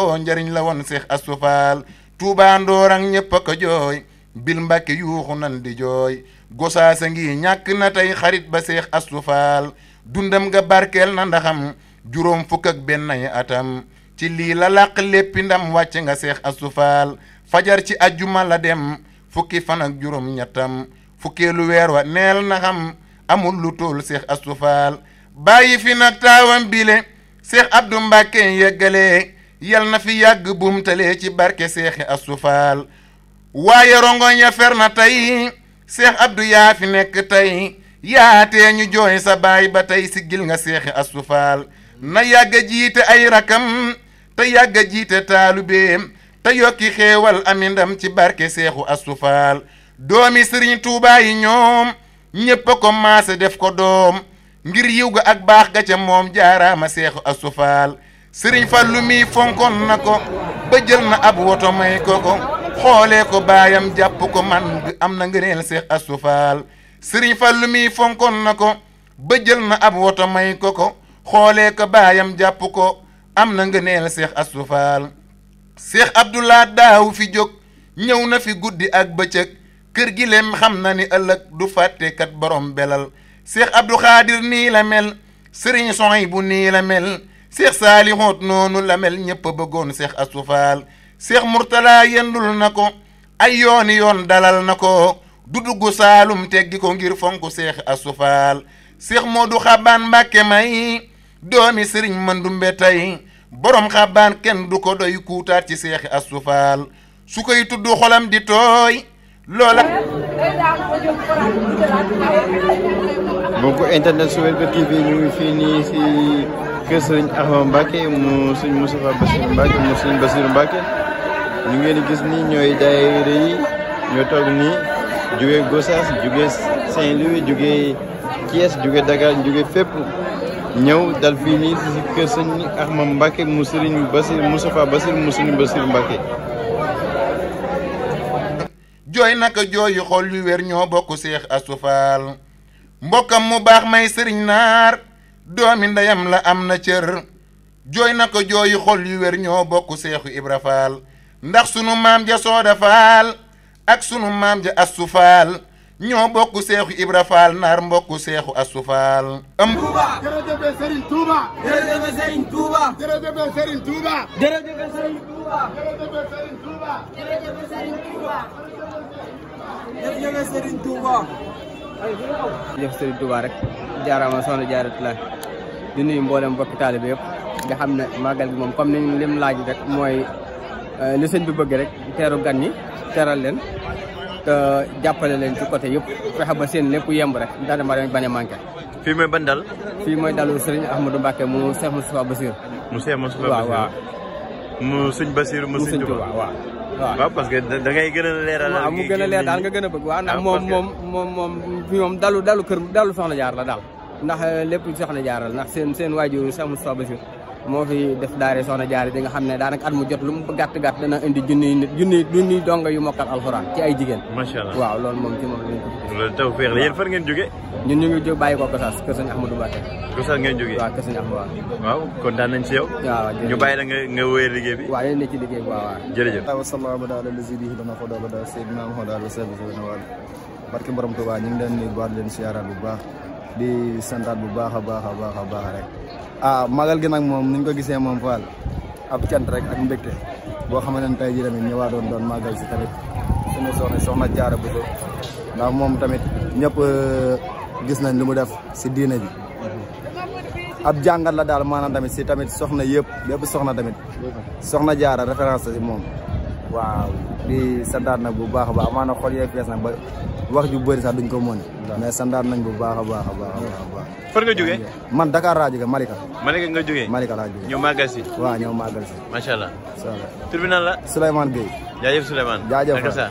oo njariñ la woon Seex Astu Faal Tuubaa Ndoor ko jooy bil Mbàkke yuuxu nan di jooy gosaasa ngi ñàkk na tey xarit ba Seex Astu dundam nga barkeel na ndaxam juróom fukk ak benn ci lii la làq léppi ndam wàcc nga Seex Astu fajar ci ajjuma la dem fukki fan ak juróom ñettam fukkeelu weer wa neel na xam amul lu tool Seex Astu Faal fi nag taawam bile Seex Abdu Mbàkke yeggalee yal na fi yàgg bum talee ci barke seexi Astou Fall waaye rongoñ ya fer na tey seex Abdou yaa fi nekk tey yaatee ñu jooy sa baay ba tey si gil nga seexi Astou na yàgg jiite ay rakam te yàgg jiite taalubeem te yokki xéewal amindam ci barke seexu Astou doomi sëriñ Tuubaa yi ñoom ñépp ko maase def ko doom ngir yiw ga ak baax ga ca moom jaaraama seexu Astou sëriñ Fallu mi fonkoon na ko ba jël na ab woto may ko ko xoolee ko baayam jàpp ko man am na ngëneel Seex Astu Faal sëriñ Fallu mi fonkoon na ko ba jël na ab woto may ko ko xoolee ko baayam jàpp ko am na ngëneel Seex Astu Faal Seex Abdulaay daaw fi jóg ñëw na fi guddi ak bëccëg kër gi xam na ni ëllëg du fàtte kat borom belal Seex Abdu Xaadir nii la mel sëriñ Sohaybu nii la mel seex saali xoot noonu la mel ñëpp bëggoon seex asufaal seex murtala yendul na ko ay yooni yoon dalal na ko du dugg saalum teggi ko ngir fonk seex asufaal seex moodu xabaan mbàkke may doomi sëriñ mandumbe tey boroom xabaan kenn du ko doy kuutaat ci seexi asufaal su koy tudd xolam di tooy loola kër sëriñ Ahmad Mbacke mu sëriñ Moustapha Bassirou Mbacke ngeen gis nii ñooy daayira ñoo toog nii jugee Gossas jugee Saint-Louis jugee Thiès jugee Dakar ñëw dal fii nii si kër sëriñ Ahmad Mbacke mu sëriñ Bassirou Moustapha Bassirou mu sëriñ jooy naka jooy yu xool yu wér ñoo bokk Seex Astu mbokkam mu baax may sëriñ naar doomi ndeyam la am na cër jooy na ko jooyi xol yu wér ñoo bokk seexu ibra faal ndax sunu maam ja sooda faal ak sunu maam ja assu faal ñoo bokk seexu ibra faal naar mbokk seexu assu faal am tuuba jëf Serigne Touba rek jaaraama soxna jaaratulaa di nuyu mboolem mbokki taalibe yëpp nga xam ne màggal gi moom comme ni lim laaj rek mooy eh, li sëñ bu bëgg rek teeru gan ñi teral leen te jàppale leen ci côté yëpp fexe ba seen lépp yemb rek dara ma bañ a manqué. fii mooy ban dal. fii mooy dalu Serigne Ahmadou Mbacke mu Cheikh Moustapha Bassir. mu Cheikh Moustapha Bassir waaw waaw. mu sëñ Bassir mu sëñ Touba waaw. waaw parce que da ngay gën a leeral. daal nga gën a bëgg waaw ndax moom moom moom moom moom dalu dalu kër dalu soxna jaar la daal ndax eh, lépp soxna jaaral ndax seen seen waajur sax a Bassir moo fi def daare soxna jaare di nga xam ne daanaka at mu jot lu mu gàtt gàtt dana indi junniy nit junniy junniy donga yu mokkal alxuraan ci ay jigéen macha allah waaw loolu moom ci moom lañ ko loolu juga feex la yéen fan ngeen jóge ñun ñu ngi jóg bàyyi ko Gossas kër sëñ Ahmadou Mbacké nge ngeen jóge waaw kër sëñ Ahmadou waaw kontaan nañ ci yow waaw ñu bàyyi la nga nga wéyee liggéey bi waaw ne ci liggéey waaw waaw jërëjëf wa sallallahu ala lazidi dana ko dooba da seydina Muhammad wa sallallahu barke borom ñu ngi leen ni leen bu baax di santaat bu baax a baax baax rek ah magal gi nag moom ni ñu ko gisee moom Fall ab cant rek ak mbégte boo xamante ne tey jii tamit ñëwaa doon doon magal si tamit suñu soxna soxna Jaara Buso ndax moom tamit ñëpp eh, gis nañ lu mu def si diine bi ab jàngat la daal maanaam tamit si tamit soxna yëpp yëpp soxna tamit soxna Jaara référence si moom waaw di santaat nag bu baax a baax amaana na yee fees nag ba wax ju bëri sax duñ ko mën mais santaat nañ bu baax a baax a baax a baax far nga jógee man Dakar laa jógee Malika Malika nga jógee Malika laa jógee ñëw màggal si waaw ñëw màggal si macha allah tur bi nan la Souleymane Gueye jaajëf